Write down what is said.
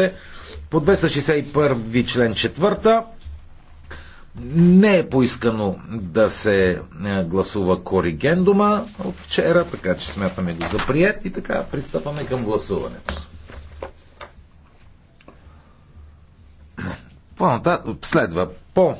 казахте. По 261 член 4 не е поискано да се е, гласува коригендума от вчера, така че смятаме го за прият и така пристъпваме към гласуването. По-нататък следва по